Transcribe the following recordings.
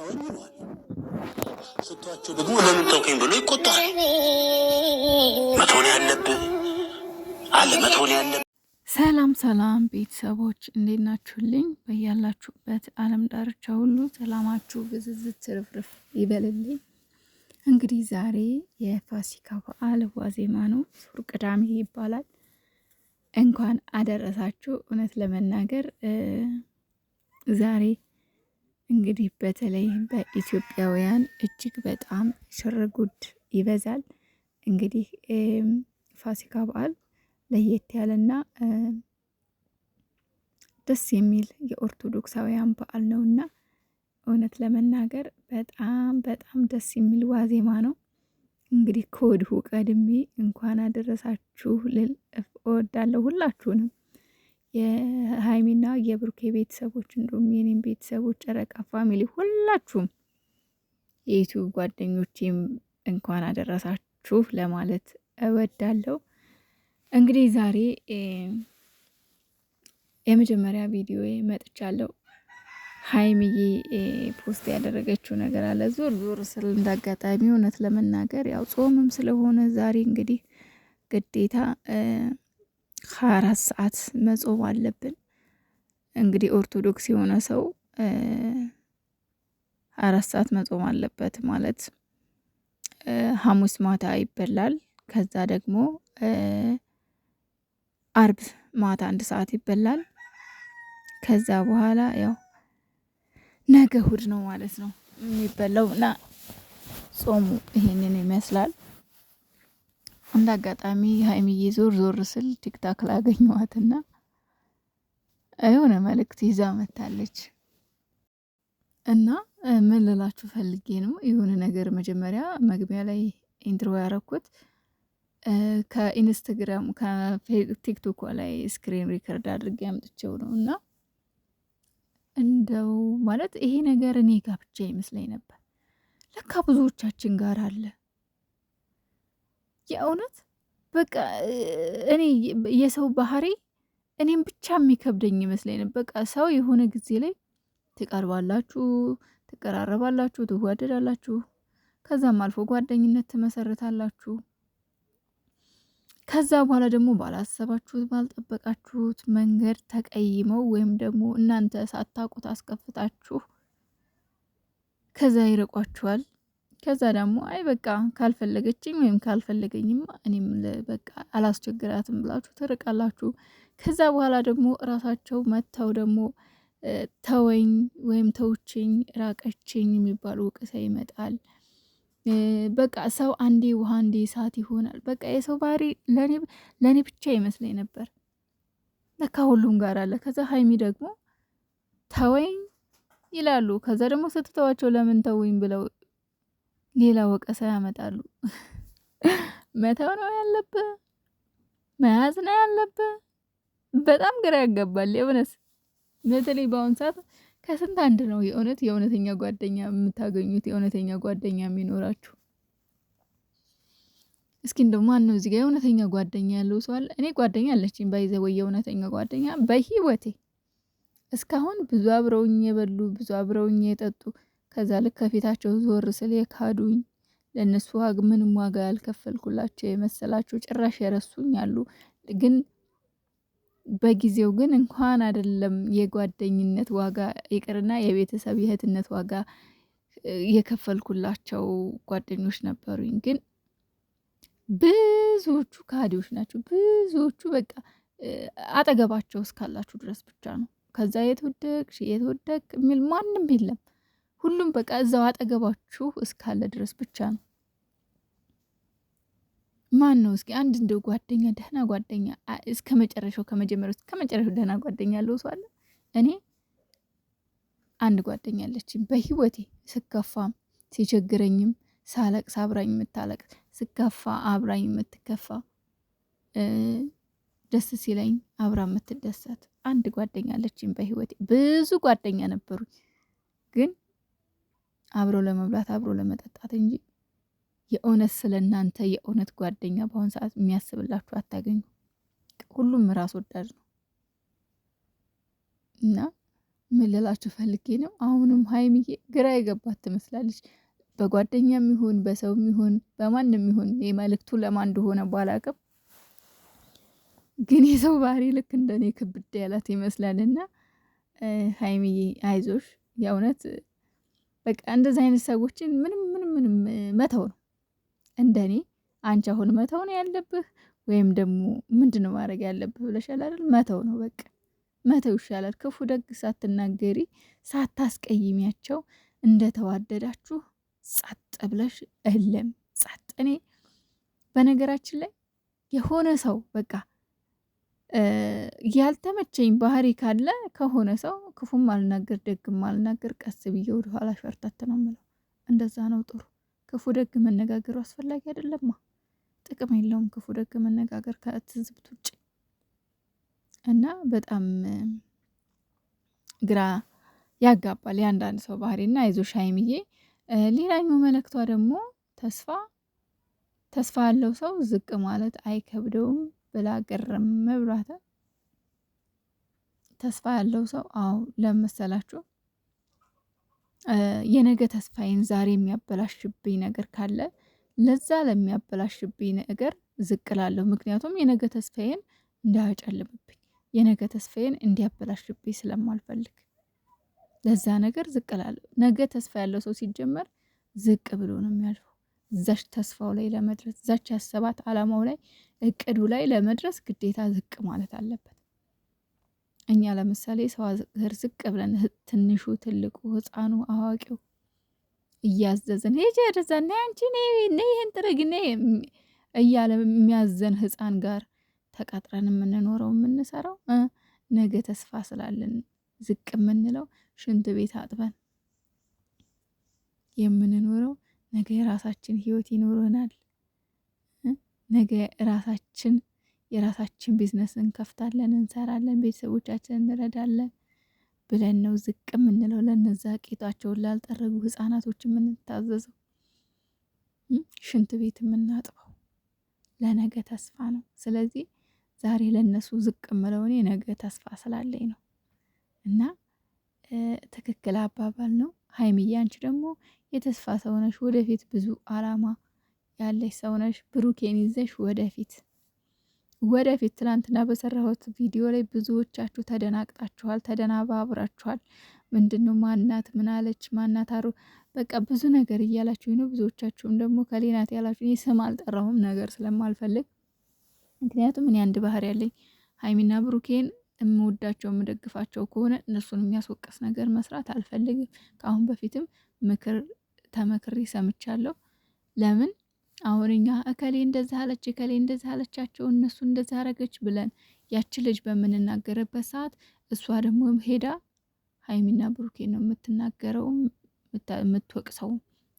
አሁን ይለዋል። ስቷቸው ደግሞ ለምን ተውከኝ ብሎ ይቆጣል። መቶን ያለብህ አለ መቶን ያለብህ ሰላም ሰላም ቤተሰቦች እንዴት ናችሁልኝ? በያላችሁበት ዓለም ዳርቻ ሁሉ ሰላማችሁ ብዝዝት ትርፍርፍ ይበልልኝ። እንግዲህ ዛሬ የፋሲካ በዓል ዋዜማ ነው። ሱር ቅዳሜ ይባላል። እንኳን አደረሳችሁ። እውነት ለመናገር ዛሬ እንግዲህ በተለይ በኢትዮጵያውያን እጅግ በጣም ሽርጉድ ይበዛል። እንግዲህ ፋሲካ በዓል ለየት ያለና ደስ የሚል የኦርቶዶክሳውያን በዓል ነውና እውነት ለመናገር በጣም በጣም ደስ የሚል ዋዜማ ነው። እንግዲህ ከወዲሁ ቀድሜ እንኳን አደረሳችሁ ልል እወዳለሁ ሁላችሁንም የሀይሚና የብሩኬ ቤተሰቦች እንዲሁም የኔም ቤተሰቦች ጨረቃ ፋሚሊ ሁላችሁም የዩቱብ ጓደኞቼም እንኳን አደረሳችሁ ለማለት እወዳለሁ። እንግዲህ ዛሬ የመጀመሪያ ቪዲዮ መጥቻለሁ። ሀይሚዬ ፖስት ያደረገችው ነገር አለ። ዞር ዞር ስል እንዳጋጣሚ እውነት ለመናገር ያው ጾምም ስለሆነ ዛሬ እንግዲህ ግዴታ ሀያ አራት ሰዓት መጾም አለብን። እንግዲህ ኦርቶዶክስ የሆነ ሰው ሀያ አራት ሰዓት መጾም አለበት ማለት ሐሙስ ማታ ይበላል። ከዛ ደግሞ አርብ ማታ አንድ ሰዓት ይበላል። ከዛ በኋላ ያው ነገ እሁድ ነው ማለት ነው የሚበላው እና ጾሙ ይሄንን ይመስላል። እንደ አጋጣሚ ሀይሚዬ ዞር ዞር ስል ቲክታክ አገኘዋትና የሆነ መልእክት ይዛ መታለች እና ምን ልላችሁ ፈልጌ ነው የሆነ ነገር መጀመሪያ መግቢያ ላይ ኢንትሮ ያረኩት ከኢንስታግራም ከቲክቶኳ ላይ ስክሪን ሪከርድ አድርጌ አምጥቼው ነው እና እንደው ማለት ይሄ ነገር እኔ ጋብቻ ይመስለኝ ነበር፣ ለካ ብዙዎቻችን ጋር አለ። የእውነት በቃ እኔ የሰው ባህሪ እኔም ብቻ የሚከብደኝ ይመስለኝ ነበር። በቃ ሰው የሆነ ጊዜ ላይ ትቀርባላችሁ፣ ትቀራረባላችሁ፣ ትዋደዳላችሁ፣ ከዛም አልፎ ጓደኝነት ትመሰረታላችሁ ከዛ በኋላ ደግሞ ባላሰባችሁት ባልጠበቃችሁት መንገድ ተቀይመው ወይም ደግሞ እናንተ ሳታውቁት አስከፍታችሁ ከዛ ይርቋችኋል። ከዛ ደግሞ አይ በቃ ካልፈለገችኝ ወይም ካልፈለገኝማ እኔም በቃ አላስቸግራትም ብላችሁ ትርቃላችሁ። ከዛ በኋላ ደግሞ እራሳቸው መጥተው ደግሞ ተወኝ ወይም ተውችኝ፣ ራቀችኝ የሚባሉ ውቅሳ ይመጣል። በቃ ሰው አንዴ ውሃ አንዴ እሳት ይሆናል። በቃ የሰው ባህሪ ለእኔ ብቻ ይመስለኝ ነበር፣ ለካ ሁሉም ጋር አለ። ከዛ ሀይሚ ደግሞ ተወኝ ይላሉ። ከዛ ደግሞ ስትተዋቸው ለምን ተውኝ ብለው ሌላ ወቀሳ ያመጣሉ። መተው ነው ያለብህ፣ መያዝ ነው ያለብህ። በጣም ግራ ያጋባል። የእውነት በተለይ በአሁን ሰዓት ከስንት አንድ ነው የእውነት የእውነተኛ ጓደኛ የምታገኙት የእውነተኛ ጓደኛ የሚኖራችሁ። እስኪ እንደው ማን ነው እዚህ ጋር የእውነተኛ ጓደኛ ያለው ሰው አለ? እኔ ጓደኛ አለችኝ ባይዘወይ የእውነተኛ ጓደኛ በህይወቴ እስካሁን ብዙ አብረውኝ የበሉ ብዙ አብረውኝ የጠጡ ከዛ ልክ ከፊታቸው ዞር ስል የካዱኝ ለእነሱ ምንም ዋጋ ያልከፈልኩላቸው የመሰላቸው ጭራሽ የረሱኝ አሉ። ግን በጊዜው ግን እንኳን አይደለም የጓደኝነት ዋጋ ይቅርና የቤተሰብ የእህትነት ዋጋ የከፈልኩላቸው ጓደኞች ነበሩኝ። ግን ብዙዎቹ ከሃዲዎች ናቸው። ብዙዎቹ በቃ አጠገባቸው እስካላችሁ ድረስ ብቻ ነው። ከዛ የት ወደቅሽ የት ወደቅ የሚል ማንም የለም። ሁሉም በቃ እዛው አጠገባችሁ እስካለ ድረስ ብቻ ነው። ማን ነው እስኪ አንድ እንደው ጓደኛ ደህና ጓደኛ እስከ መጨረሻው ከመጀመሪያው እስከ መጨረሻው ደህና ጓደኛ ያለው ሰው አለ? እኔ አንድ ጓደኛ አለችኝ። በህይወቴ ስከፋም ሲቸግረኝም ሳለቅስ አብራኝ የምታለቅ ስከፋ አብራኝ የምትከፋ ደስ ሲለኝ አብራ የምትደሰት አንድ ጓደኛ አለችኝ በህይወቴ። ብዙ ጓደኛ ነበሩኝ ግን አብሮ ለመብላት አብሮ ለመጠጣት እንጂ የእውነት ስለ እናንተ የእውነት ጓደኛ በአሁኑ ሰዓት የሚያስብላችሁ አታገኙ። ሁሉም ራስ ወዳድ ነው እና ምን ልላችሁ ፈልጌ ነው። አሁንም ሀይሚዬ ግራ የገባት ትመስላለች። በጓደኛም ይሁን በሰውም ይሁን በማንም ይሁን የመልእክቱ ለማን እንደሆነ ባላቅም ግን የሰው ባህሪ ልክ እንደኔ ክብድ ያላት ይመስላል። ይመስላልና ሀይሚዬ አይዞሽ የእውነት በቃ እንደዚህ አይነት ሰዎችን ምንም ምንም ምንም መተው ነው እንደኔ። አንቺ አሁን መተው ነው ያለብህ፣ ወይም ደግሞ ምንድን ነው ማድረግ ያለብህ ብለሻል አይደል? መተው ነው በቃ መተው ይሻላል። ክፉ ደግ ሳትናገሪ ሳታስቀይሚያቸው እንደተዋደዳችሁ ጸጥ ብለሽ እለም ጸጥ። እኔ በነገራችን ላይ የሆነ ሰው በቃ ያልተመቸኝ ባህሪ ካለ ከሆነ ሰው ክፉም አልናገር ደግም አልናገር፣ ቀስ ብዬ ወደኋላ ሸርተት ነው የምለው። እንደዛ ነው ጥሩ። ክፉ ደግ መነጋገሩ አስፈላጊ አይደለማ፣ ጥቅም የለውም ክፉ ደግ መነጋገር ከትዝብት ውጭ እና በጣም ግራ ያጋባል የአንዳንድ ሰው ባህሪና አይዞሽ ሀይሚዬ። ሌላኛው መልእክቷ ደግሞ ተስፋ ተስፋ ያለው ሰው ዝቅ ማለት አይከብደውም ብላ ግርም ብሏታ። ተስፋ ያለው ሰው አዎ፣ ለመሰላችሁ የነገ ተስፋዬን ዛሬ የሚያበላሽብኝ ነገር ካለ ለዛ ለሚያበላሽብኝ ነገር ዝቅ ላለሁ። ምክንያቱም የነገ ተስፋዬን እንዳያጨልምብኝ የነገ ተስፋዬን እንዲያበላሽብኝ ስለማልፈልግ ለዛ ነገር ዝቅ ላለሁ። ነገ ተስፋ ያለው ሰው ሲጀመር ዝቅ ብሎ ነው የሚያልፈው። እዛች ተስፋው ላይ ለመድረስ እዛች ያሰባት አላማው ላይ እቅዱ ላይ ለመድረስ ግዴታ ዝቅ ማለት አለበት። እኛ ለምሳሌ ሰው አዘር ዝቅ ብለን ትንሹ፣ ትልቁ፣ ህፃኑ፣ አዋቂው እያዘዝን ሄጀ ደዛ ና አንቺ ነ ይህን ጥረግ ነ እያለ የሚያዘን ህፃን ጋር ተቀጥረን የምንኖረው የምንሰራው ነገ ተስፋ ስላለን ዝቅ የምንለው ሽንት ቤት አጥበን የምንኖረው ነገ የራሳችን ህይወት ይኖረናል። ነገ ራሳችን የራሳችን ቢዝነስ እንከፍታለን፣ እንሰራለን፣ ቤተሰቦቻችን እንረዳለን ብለን ነው ዝቅ የምንለው። ለነዛ ቂጣቸውን ላልጠረጉ ህጻናቶች የምንታዘዘው ሽንት ቤት የምናጥበው ለነገ ተስፋ ነው። ስለዚህ ዛሬ ለነሱ ዝቅ የምለው እኔ ነገ ተስፋ ስላለኝ ነው። እና ትክክል አባባል ነው ሀይሚዬ። አንቺ ደግሞ የተስፋ ሰው ነሽ። ወደፊት ብዙ አላማ ያለሽ ሰው ነሽ። ብሩኬን ይዘሽ ወደፊት ወደፊት። ትላንትና በሰራሁት ቪዲዮ ላይ ብዙዎቻችሁ ተደናቅጣችኋል፣ ተደናባብራችኋል። ምንድነው ማናት፣ ምናለች፣ ማናት አሩ በቃ ብዙ ነገር እያላችሁ ነው። ብዙዎቻችሁም ደግሞ ከሌናት ያላችሁ እኔ ስም አልጠራሁም ነገር ስለማልፈልግ ምክንያቱም እኔ አንድ ባህር ያለኝ ሀይሚና ብሩኬን የምወዳቸው የምደግፋቸው ከሆነ እነሱን የሚያስወቀስ ነገር መስራት አልፈልግም። ከአሁን በፊትም ምክር ተመክሬ ሰምቻለሁ። ለምን አሁን እኛ እከሌ እንደዚህ አለች እከሌ እንደዚህ አለቻቸው እነሱ እንደዚህ አረገች ብለን ያቺ ልጅ በምንናገርበት ሰዓት እሷ ደግሞ ሄዳ ሀይሚና ብሩኬ ነው የምትናገረው የምትወቅሰው።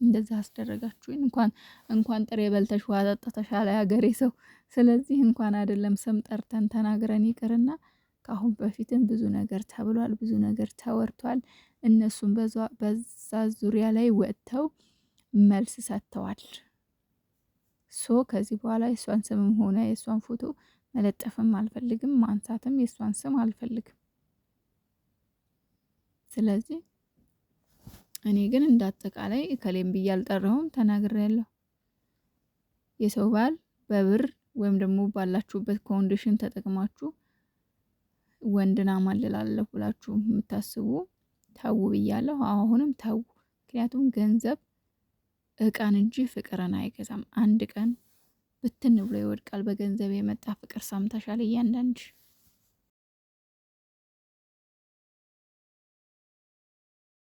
እንደዚህ አስደረጋችሁ እንኳን እንኳን ጥሬ በልተሽ ውሃ ጠጥተሽ አለ ያገሬ ሰው። ስለዚህ እንኳን አይደለም ስም ጠርተን ተናግረን ይቅርና ከአሁን በፊትም ብዙ ነገር ተብሏል፣ ብዙ ነገር ተወርቷል። እነሱም በዛ ዙሪያ ላይ ወጥተው መልስ ሰጥተዋል። ሶ ከዚህ በኋላ የእሷን ስምም ሆነ የእሷን ፎቶ መለጠፍም አልፈልግም፣ ማንሳትም የእሷን ስም አልፈልግም። ስለዚህ እኔ ግን እንደ አጠቃላይ እከሌም ብዬ አልጠራሁም፣ ተናግሬያለሁ። የሰው ባል በብር ወይም ደግሞ ባላችሁበት ኮንዲሽን ተጠቅማችሁ ወንድን አማልላለሁ ብላችሁ የምታስቡ ተው ብያለሁ። አሁንም ተው፣ ምክንያቱም ገንዘብ እቃን እንጂ ፍቅርን አይገዛም። አንድ ቀን ብትን ብሎ ይወድቃል። በገንዘብ የመጣ ፍቅር ሰምተሻል? እያንዳንድ